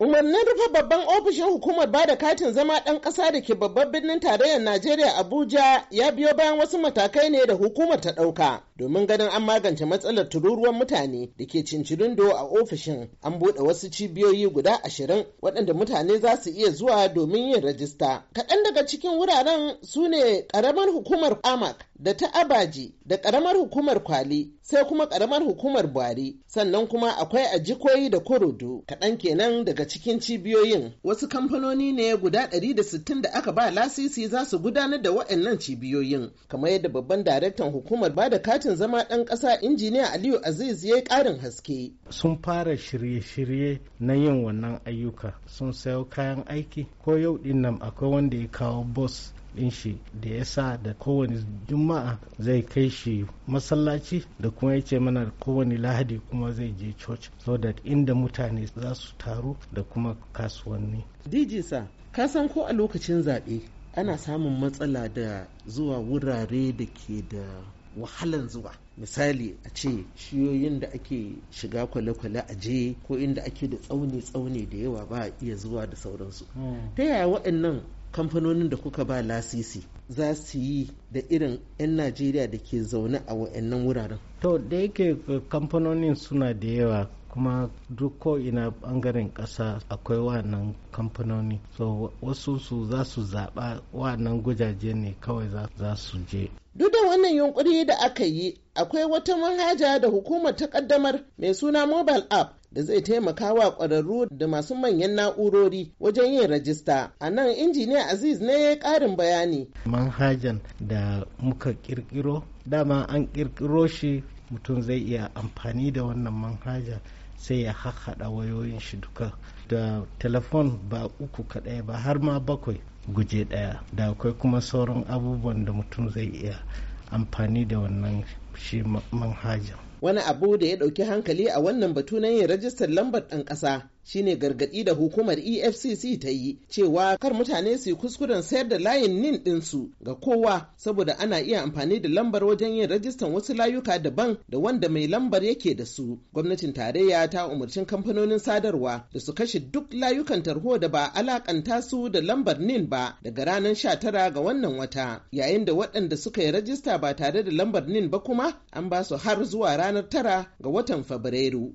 Umarnin rufe babban ofishin hukumar bada katin zama ɗan ƙasa da ke babban birnin tarayyar Najeriya Abuja ya biyo bayan wasu matakai ne da hukumar ta ɗauka domin ganin an magance matsalar tururuwan mutane da ke cincirindo a ofishin an buɗe wasu cibiyoyi guda ashirin waɗanda mutane za su iya zuwa domin yin rajista. Kaɗan daga cikin wuraren su ne ƙaramar hukumar Amak da ta abaji da karamar hukumar kwali sai kuma karamar hukumar buhari sannan kuma akwai a jikoyi da kurudu kaɗan kenan daga cikin cibiyoyin wasu kamfanoni ne guda 160 da aka ba lasisi za su gudanar da waɗannan cibiyoyin kamar yadda babban daraktan hukumar ba da katin zama ɗan ƙasa injiniya aliyu aziz ya yi ƙarin haske sun fara shirye-shirye na yin wannan ayyuka sun sayo kayan aiki ko yau ɗin akwai wanda ya kawo bus din shi da ya sa da kowane juma'a zai kai shi masallaci da kuma ya ce mana kowane lahadi kuma zai je church so da inda mutane za su taru da kuma kasuwanni dijisa ka san ko a lokacin zaɓe ana samun matsala da zuwa wurare da ke da wahalan zuwa misali a ce shiyoyin da ake shiga kwale-kwale a je ko inda ake da tsauni-tsauni da yawa ba iya zuwa da sauransu hmm. ta yaya waɗannan kamfanonin da kuka ba lasisi za su yi da irin 'yan najeriya da ke zaune a wa'annan wuraren to da yake kamfanonin suna da yawa kuma duk ko ina bangaren kasa akwai wannan kamfanoni so wasu su za su zaɓa wannan gujaje ne kawai za su je duk da wannan yunkuri da aka yi akwai wata manhaja da hukumar ta kaddamar mai suna mobile app da zai taimaka wa ƙwararru da masu manyan na'urori wajen yin rajista. A nan injiniya Aziz ne ya ƙarin bayani. Manhajan da muka ƙirƙiro, dama an ƙirƙiro shi mutum zai iya amfani da wannan manhaja sai ya haɗa wayoyin shi duka da telefon ba uku kaɗai ba har ma bakwai guje ɗaya da akwai kuma sauran abubuwan da mutum zai iya amfani da wannan shi manhajan. Wani abu da ya ɗauki hankali a wannan batu na yin rajistar lambar ɗan ƙasa shine gargadi da hukumar efcc ta yi cewa kar mutane su yi kuskuren sayar da layin nin dinsu ga kowa saboda ana iya amfani da lambar wajen yin rajistan wasu layuka daban da wanda mai lambar yake da su gwamnatin tarayya ta umarcin kamfanonin sadarwa da su kashe duk layukan tarho da ba alakanta su da lambar nin ba daga ranar sha tara ga wannan wata yayin da waɗanda suka yi rajista ba tare da lambar nin ba kuma an ba su har zuwa ranar tara ga watan fabrairu